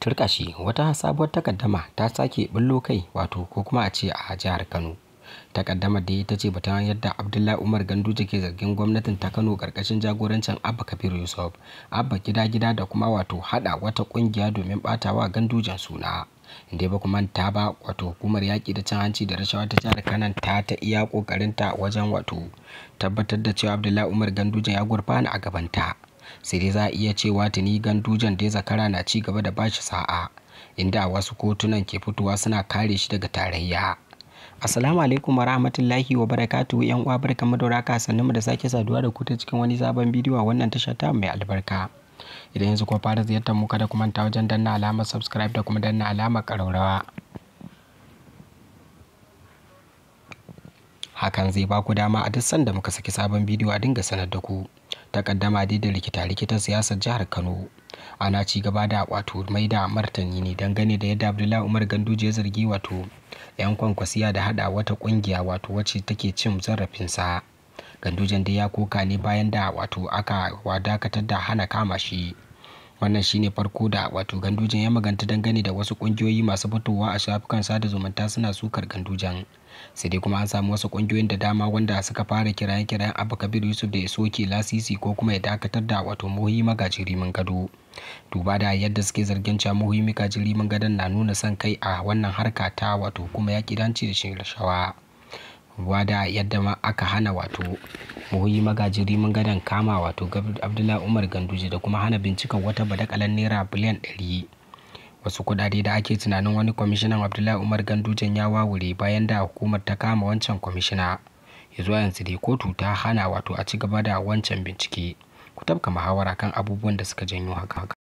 turkashi wata sabuwar takaddama ta sake bullo kai wato ko kuma a ce a jihar kano takaddamar da ita ce bata yadda abdullahi umar ganduje ke zargin gwamnatin ta kano karkashin jagorancin abba kabir yusuf abba gida gida da kuma wato hada wata kungiya domin batawa gandujan suna inda ba kuma ta ba wato hukumar yaƙi da cin hanci da rashawa ta jihar kanan ta ta iya ƙoƙarinta wajen wato tabbatar da cewa abdullahi umar ganduje ya gurfana a gabanta sai dai za a iya cewa tuni gandujan ya zakara na ci gaba da bashi sa'a inda wasu kotunan ke fitowa suna kare shi daga tarayya Assalamu alaikum wa rahmatullahi wa barakatu yan uwa barkamu da raka sannu mu da sake saduwa da ku ta cikin wani sabon bidiyo a wannan tasha ta mai albarka. Idan yanzu kuma fara ziyartar mu kada ku manta wajen danna alamar subscribe da kuma danna alamar karaurawa. Hakan zai ba ku dama a duk sanda muka saki sabon bidiyo a dinga sanar da ku. takaddama dai da likita-likitan siyasar jihar Kano. Ana ci gaba da wato mai da martani ne dangane da yadda Abdullahi Umar Ganduje ya zargi wato 'yan kwankwasiya da hada wata kungiya wato wacce take cin sa Gandujen dai ya koka ne bayan da wato aka wadakatar da hana kama shi. wannan shine farko da wato gandujan ya maganta dangane da wasu kungiyoyi masu fitowa a shafukan sada zumunta suna sukar gandujan sai dai kuma an samu wasu kungiyoyin da dama wanda suka fara kiraye kirayen abu kabir yusuf da ya soke lasisi ko kuma ya dakatar da wato mohi magajiri mun gado duba da yadda suke zargin cewa mohi magajiri mun gadon na nuna son kai a wannan harka ta wato kuma ya kidanci da shi rashawa ruwa da yadda ma aka hana wato muhuyi magajiri mun gadan kama wato abdullahi umar ganduje da kuma hana bincikan wata badakalan naira biliyan ɗari wasu kudade da ake tunanin wani kwamishinan abdullahi umar gandujen ya wawure bayan da hukumar ta kama wancan kwamishina ya zuwa yanzu dai kotu ta hana wato a ci gaba da wancan bincike ku tabka muhawara kan abubuwan da suka janyo haka